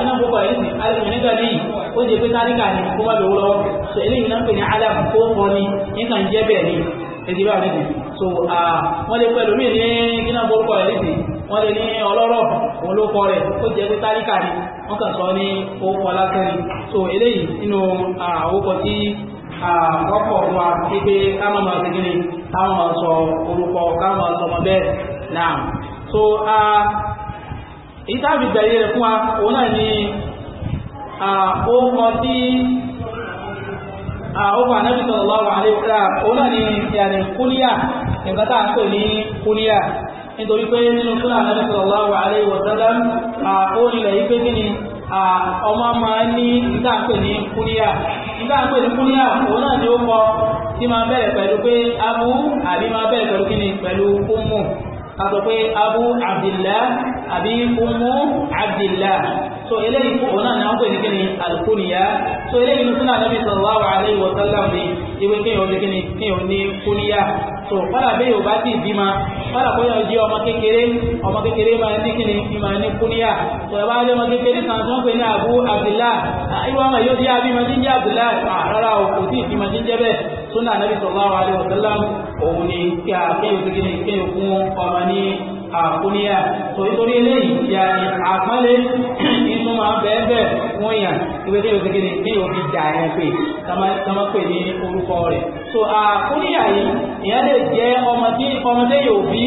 iná púpọ̀ ẹni sì alẹ́kùn nígbà ní ó jẹ́ pé táríkà ní kó má lówó lọ́wọ́ so eléyìí náà pè ní alam kó mọ ni nígbà ń jẹ́ bẹ́ẹ̀ ni ẹ̀dí rẹ̀ so wọ́n lè pẹ̀lú mí ní gínà gbórúkọ rẹ̀ lẹ́sìn wọ́n lè ní ọlọ́rọ̀ òun ló kọ rẹ̀ ó jẹ́ pé táríkà ni wọ́n kàn sọ ní orúkọ lásán so eléyìí nínú àwòkọ tí ọkọ̀ wa pé ká má máa ṣe kíni ká má máa sọ orúkọ ká má máa sọ ọmọ so èyí táàbì gbẹ̀yẹ rẹ̀ fún wa òun náà ni orúkọ tí ọmọ ah, anábì sallallahu alaihi wa sallam òun náà ni yàrá kúníyà nǹkan tá à ń pè ní kúníyà nítorí pé nínú súnà anábì sallallahu alaihi wa sallam ó nílẹ̀ yí pé kí ni ọmọ máa ń ní nǹkan à ń pè ní kúníyà nǹkan à ń so eléyìí fún òun náà ni wọ́n pè ní kíni alkúnìyà so eléyìí ní súnà nàbí sallallahu alaihi wa sallam ni ìwé kéèyàn ní kíni kéèyàn ní kúnìyà so kọ́là bẹ́ẹ̀ yóò bá ti bímọ kọ́là kó yóò jẹ́ ọmọ kékeré ọmọ kékeré máa ní kíni ìmọ̀ ní kúnìyà so ẹ bá rí ọmọ kékeré kan tó ń pè ní abu abdullah ìwọ ah, ọmọ yóò àkúníyà tó nítorí eléyìí ti a ní àpọ́nlé inú máa bẹ́ẹ̀ bẹ́ẹ̀ wọ́n yàn ìwé tí yóò ti kéde tí yóò fi dà yẹn pé tọ́mọ́ pè ní orúkọ rẹ̀ so àkúníyà yìí ìyẹn lè jẹ́ ọmọdé yóò bí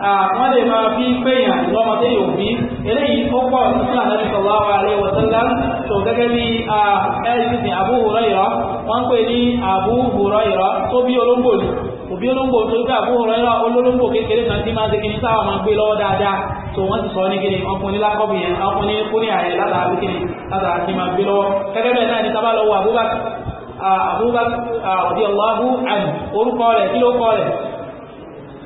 wọ́n lè máa fi péyàn lọ́mọdé yóò bí eléyìí ó pọ̀ nípa àdáni sallallahu alaihi wasallam So gẹ́gẹ́ bí ẹ̀rí ní Abu Hurairah wọ́n pè ní Abu Hurairah tó bí olóńgbò bí olóńgbò tó gbà fún ọ̀rọ̀ ẹ̀rọ olóńgbò kékeré kan tí máa ń ṣe kíní sáwà máa ń gbé lọ́wọ́ dáadáa tó wọ́n ti sọ ní kíni ọkùnrin lákọ́bì yẹn ọkùnrin kúrì ààrẹ látara bí kíni látara kí máa gbé lọ́wọ́ gẹ́gẹ́ bẹ́ẹ̀ náà ni sábà lọ́wọ́ Abubakar Abubakar ọ̀dí ọ̀lọ́hu àmì orúkọ rẹ̀ kí ló kọ rẹ̀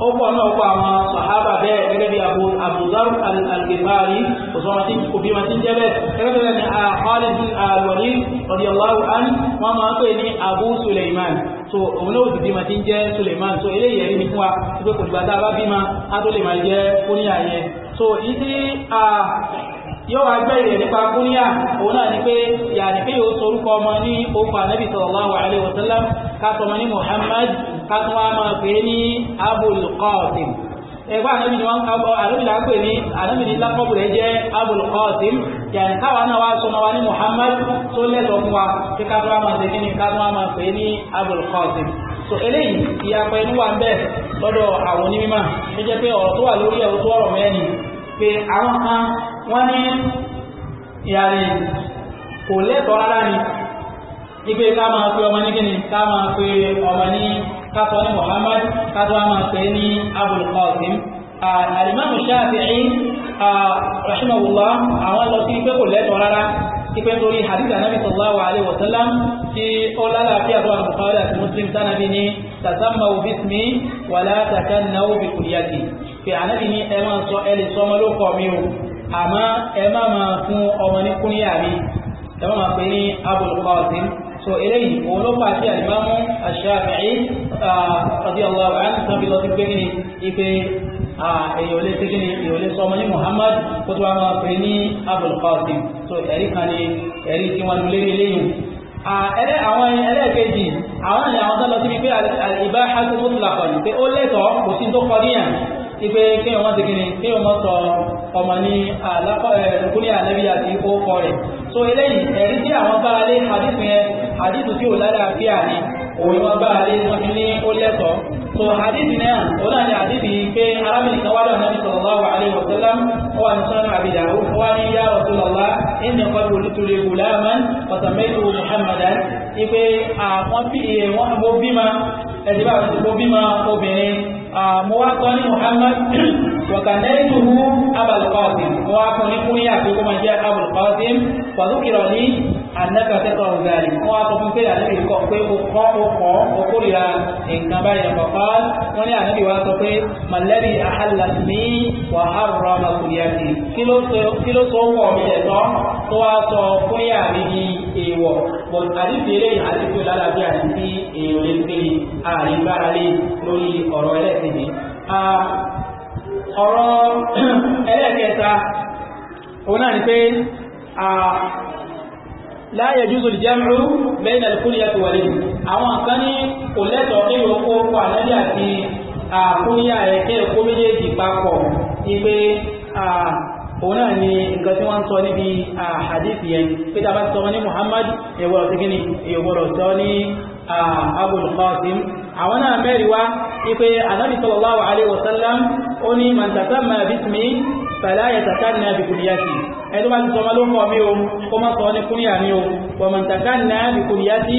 ó pọ̀ náà ó pọ̀ àwọn sàhábà bẹ́ẹ̀ gẹ́gẹ́ bí Abu Dharr al-Ghifari òsọ́mọtí òbímọtí jẹ́ bẹ́ẹ̀ gẹ́gẹ́ bẹ́ẹ̀ ni Khalid al-Walid radiyallahu anhu wọ́n máa pè ní Abu Sulaiman so òun náà òsì bímọ tí ń jẹ́ Suleiman so eléyìí ẹ̀rí ni fún wa wípé kò dìgbà tá a bá bímọ á tó lè máa jẹ́ kúníyà yẹn so ìdí yóò wá gbé ìrẹ̀ nípa kúníyà òun náà ni pé yàrá pé yóò sorúkọ ọmọ ní orúkọ anábì sallallahu alaihi wasallam ká sọmọ ní Muhammad kátó wá máa pè ní Abul Qasim ẹgbẹ́ ànábì ni wọ́n ká bọ́ ànábì là ń pè ní ànábì ní lákọ́bù rẹ̀ jẹ́ Abul Qasim yàrá káwa náà wá sọmọ wa ní Muhammad tó lẹ́tọ̀ fún wa kí kátó wá máa tẹ̀lé ní kátó wá máa pè Abul Qasim so eléyìí ìyapa ẹnu wà ń bẹ lọ́dọ̀ àwọn onímọ̀ tó jẹ́ pé ọ̀rọ̀ tó wà lórí ẹ̀ tó ọ̀rọ̀ mẹ́rin pé àwọn kan wọ́n ní ìyàrí kò lẹ́tọ̀ọ́ rárá ni ipe ká máa pe ọmọ ní kíni ká máa pe ọmọ ní kátó ní muhammad kátó a máa pè ní abul qasim alimami shafi'i rahimahullah àwọn lọ sí pé kò lẹ́tọ̀ rárá ipe nítorí hadith anabi sallallahu alayhi wa sallam tí ó lálàáfíà tó àwọn bukhari àti muslim tánàbí ní tasammaw bismi wala takannaw bi kunyati pé anabi ní ẹ máa sọ ẹ lè sọ ọmọ mi o àmọ́ ẹ má máa fún ọmọ ní kúnyà mi ẹ má máa pè ní abul qasim so eléyìí òun ló pàṣẹ àdìmámú àṣàfihì àti àwọn àwọn àtúntàn bí lọ sí pé kíni ipe ah, èyí ò kíni èyí ò ní Muhammad kó tó wá máa pè ní Abul so ẹ̀rí kan ní ẹ̀rí tí wọ́n lé ní eléyìí ah, ẹlẹ́ àwọn ẹlẹ́ẹ̀kejì àwọn àti àwọn tó lọ síbi pé ìbá hàtú tó tìlà pọ̀ pé ó lẹ́tọ̀ọ́ kò sí tó kọdíyàn ipe kéèyàn wọ́n ti kíni kéèyàn wọ́n sọ ọmọ ní àlápọ̀ ah, ẹ̀rùkúnlẹ̀ eh, àlẹ́bí àti ó kọ rẹ̀ so eléyìí ẹ̀rí tí àwọn bá alé àdìsù yẹn àdìsù tí ò lára bí à ní òun wọn bá alé wọn fi ní ó lẹ́tọ̀ọ́ so àdìsù náà òun náà ni àdìsù yìí pé arábìnrin kan wá lọ́nà ní sallallahu alaihi wa sallam ó wà ní sọ́nà Abi Dawud ó wà ní ya Rasulullah inni qad wulidtu li ghulaman wa sammaytuhu Muhammadan ipe àwọn bí wọn mo bímọ ẹ̀dí bá mo bímọ obìnrin mo wá tọ́ ní Muhammad وكنيته أبا القاسم وأكون كنيا في كما جاء أبو القاسم فذكر لي أنك تقرأ ذلك وأكون في النبي وقل يا إن باين فقال وني النبي وأكون ما الذي أحل اسمي وحرم كنيتي كيلو كيلو سوى ميتان وأكون كنيا به إيوه والحديث إليه حديث لا لا بيعني في إيوه للكلي أعلم بارلي لولي أروي لكني ọ̀rọ̀ ẹlẹ́ẹ̀kẹta òun náà ni pé la yajuzu al-jam'u bayna al-kunyati wal-ism àwọn kan ní kò lẹ́tọ̀ọ́ kí yóò kó kó àlẹ́lẹ́ àti àkúnyà ẹ̀ kí èkó méjèèjì papọ̀ ní pé òun náà ni nǹkan tí wọ́n sọ níbi hadith yẹn pé tàbá sọ ní Muhammad ìwọ̀rọ̀ sí kí ni ìwọ̀rọ̀ sọ ní Abul Qasim àwọn náà mẹ́rin wá ipe anabi sallallahu alaihi wasallam ó ní man tasamma bismi fala yatakanna bi kunyati ẹni tó bá ti sọmọ ló kọ mi o kó má sọ ní kúnyà mi o wa man takanna bi kunyati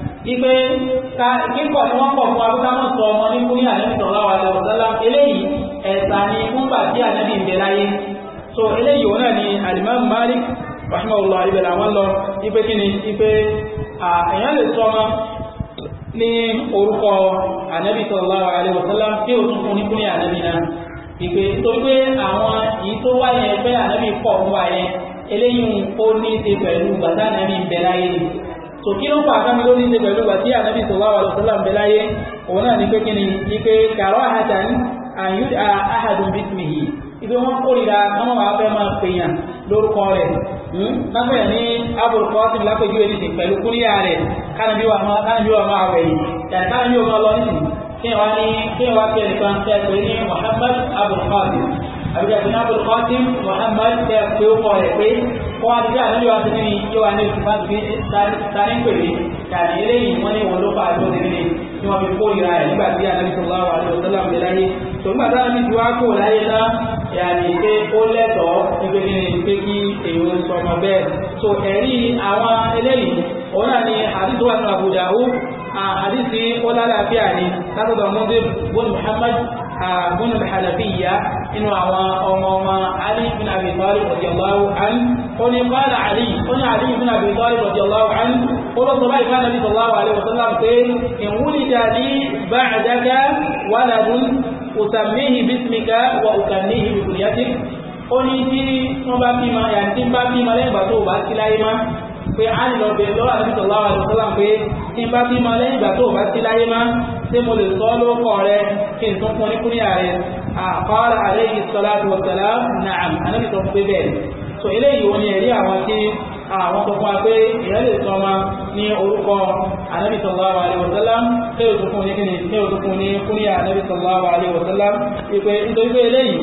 ipe ka ni wọ́n pọ̀ fún abúkámọ̀ sọ ọmọ ní kúrí ànábì sallallahu eléyìí ẹ̀sà ni fún bàtí ànábì ń bẹ láyé so eléyìí òun náà ni alimami malik ọlọ ibẹ̀ làwọn lọ ipe kí ni ipe èèyàn lè sọ ọmọ ní orúkọ ànábì sallallahu alaihi wasallam tí ó tún fún ní náà ipe tó àwọn yìí tó so kí ló fà á fẹ́mi lórí ṣe pẹ̀lú wàtí ànábì sallallahu alaihi wasallam ń bẹ láyé òun náà ní pé kí ni ní pé kàrọ́ àhàtàn àyùd àhàdùn bísmìhì ibi wọn kórìíra wọn wà fẹ́ máa pèèyàn lórúkọ rẹ̀ lápẹ̀yà hmm? ní Abul Qasim lápẹ̀jú èyí sì pẹ̀lú kúríyà rẹ̀ kánàbí wà máa wẹ̀ yìí àbíjà tí náà bọ̀dọ̀ Muhammad tẹ pé ó kọ́ rẹ̀ pé ó wá dídá àná yóò wá sí ní yóò wá ní ìfúnpá sí sáré pèlè kàní eléyìí wọ́n ní wọn ló fa àjọ nílé tí wọ́n fi kó ìra rẹ̀ nígbà tí àná sọ̀rọ̀ àwọn àjọ sọ́lá ń bẹ láyé tó nígbà tí àná ti wá kó láyé náà yàní pé ó lẹ́tọ̀ọ́ nígbè ní pé so ẹ̀rí àwọn eléyìí òun náà ni àdúgbò àti àbújá ó àdìsí ó lálàáfíà ni látọ̀dọ̀ mọ́bí Muhammad بن الحنفية إنه أمام علي بن أبي طالب رضي الله عنه قل قال علي قل علي بن أبي طالب رضي الله عنه قل الصباح كان النبي صلى الله عليه وسلم قيل إن ولد لي بعدك ولد أسميه باسمك وأكنيه بكليتك ó ní tí wọ́n bá bímọ yàtí bá bímọ lẹ́yìn ìgbà tó bá sí láyé máa pé a lè lọ bẹ lọ́wọ́ àti sọ̀lá wa lọ sọ́lá pé tí n bá bí ma lẹ́yìn ìgbà tó o bá sí láyé má ṣé mo lè sọ lórúkọ rẹ kí n tún fún ní kúrìyà rẹ àfàrà àlẹ́ yìí sọlá tó sọlá nàám ànábì tó pé bẹ́ẹ̀ so eléyìí wọn ni ẹ̀rí àwọn tí àwọn tó fún pé ìyẹn lè sọ ma ní orúkọ ànábì sọlá wa lè wọ̀sọ́lá ṣé o tún fún ní kíni ṣé o tún fún ní kúrìyà ànábì sọlá wa lè wọ̀sọ́lá ìpè nítorí pé eléyìí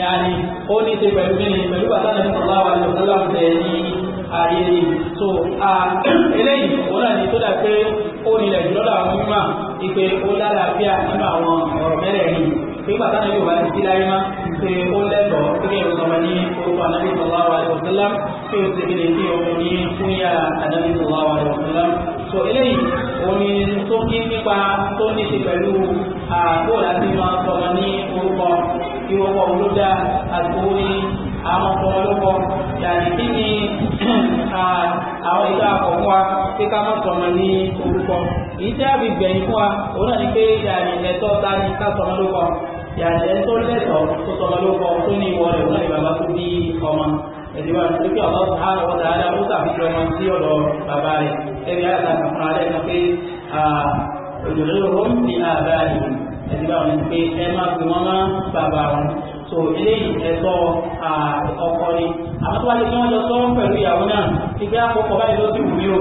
yàní ó ní ṣe pẹ̀lú kíni pẹ̀lú bàtà ànábì sọlá wa lè wọ̀sọ́lá ààyè ni so eléyìí òun náà ni tó dà pé ó nílẹ̀ jùlọ làwọn mímọ́ ìpè ó lálàáfíà nínú àwọn ọ̀rọ̀ mẹ́rẹ̀ẹ̀rin nígbà táwọn yóò bá ti sí láyé má pé ó lẹ́tọ̀ọ́ pé ẹ̀rọ sọmọ ní orúkọ anábì sallallahu alaihi wasallam pé o ti kéde sí ọmọ ní fúnyà anábì sallallahu alaihi wasallam so eléyìí òun ni tó kí nípa tó ní ṣe pẹ̀lú àbúrò láti máa sọmọ ní orúkọ ìwọ́pọ̀ olódà àti owó ní àwọn ọmọ olóko yàrá kí ni àwọn ìta àkọ́kọ́ wa pé ká má sọmọ ní orúkọ èyí tí a fi gbẹ̀yìn fún wa òun náà ni pé yàrá ẹ̀tọ́ ta ni ká sọmọ lóko yàrá ẹ̀tọ́ lẹ́tọ̀ tó sọmọ lóko tó ní ìwọ rẹ̀ òun náà ni bàbá tó bí ọmọ ẹ̀dínwá tó kí ọ̀dọ́ sàárọ̀ ọ̀dà alẹ́ ó sàfihàn ọmọ sí ọ̀dọ̀ bàbá rẹ̀ ẹ̀rí àtàkùn fún alẹ́ kan pé òjòlóró ní àbáyé ẹ̀dínwá wọn ni pé ẹ má fi wọn má bàbá wọn so eléyìí ẹ̀tọ́ ọkọ ni àwọn tó bá ti wọ́n jọ sọ pẹ̀lú ìyàwó náà ti gbé àkọ́kọ́ báyìí ló sì wù mí o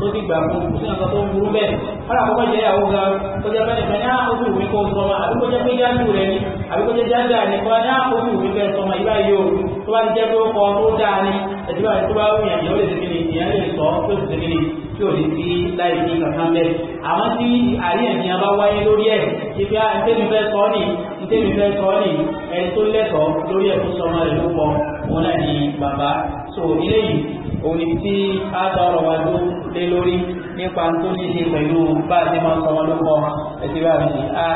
tó ti gbà fún kò sí nǹkan tó ń burú bẹ́ẹ̀ kọ́lá àkọ́kọ́ jẹ́ ìyàwó gan kó jẹ́ bẹ́ẹ̀ nìkan ní àkókò ah, ìwé kó sọmọ àbí kó jẹ́ pé jáde rẹ̀ ni àbí kó jẹ́ jáde rẹ̀ kọ́lá ní àkókò ah, ìwé fẹ́ sọmọ ìbá yìí o tó bá ti jẹ́ pé ó kọ tó dáa ni ẹ̀dúrà tó bá wù yàn yóò lè ṣe kiri ìyàn lè sọ tó sì ṣe kiri tí ò ní sí láì ní kankan bẹ́ẹ̀ àwọn tí àríyànjiyàn bá wáyé lórí ẹ̀ ṣe bí a ń tẹ́lifẹ́ sọ ni ìtẹ́mi fẹ́ sọ ní ẹni tó lẹ́tọ̀ọ́ lórí ẹ̀kú sọmọ rẹ̀ ló pọ̀ wọn náà ní bàbá so eléyìí òun tí a dá ọ̀rọ̀ wa tó lé lórí nípa tó ní ṣe pẹ̀lú bá a ti máa sọmọ ló pọ̀ ẹ̀sìn bá mi.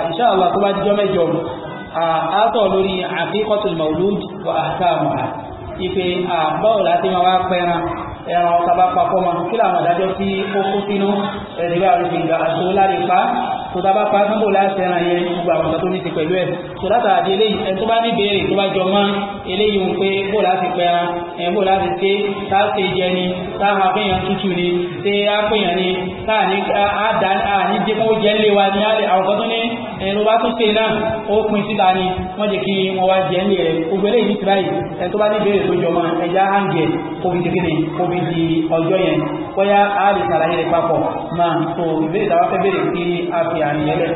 insha Allah tó bá jọ mẹ́jọ a tọ̀ lórí aqiqatul mawlud wa ahkamuha ife àbáwò láti máa wá pẹ́ran ẹran ọ̀sà bá papọ̀ mọ́ kí làwọn adájọ́ tí ó kó sínú ẹ̀sìn bá mi gbà àtò láre pa tó tá bá pa sábò láti ẹran yẹn gbogbo àwọn tó ní ti pẹ̀lú ẹ̀ tó látàdé eléyìí ẹni tó bá ní béèrè tó bá jọ mọ́ eléyìí ń pé bó láti pẹran ẹ̀ bó láti ké tá ṣe jẹ a péyàn tútù ni ṣé a péyàn ni tá a ní jẹ́ kó jẹ́ lé wa ní àwọn kan tó ní ẹ̀rọ bá tó ṣe náà ó pin síta ni wọ́n jẹ́ kí wọ́n wá jẹ́ ní rẹ̀ gbogbo eléyìí ti báyìí ẹ̀ tó bá ní béèrè tó jọ mọ́ ẹja bóyá a lè ṣàlàyé rẹ̀ papọ̀ máa tó ìbéèrè tàwa fẹ́ bèèrè kí a fi àmì ẹlẹ́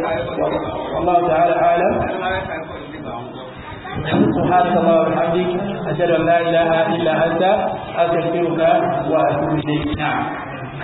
Allahu ta'ala الله وبحمدك لا إله إلا أنت أستغفرك وأتوب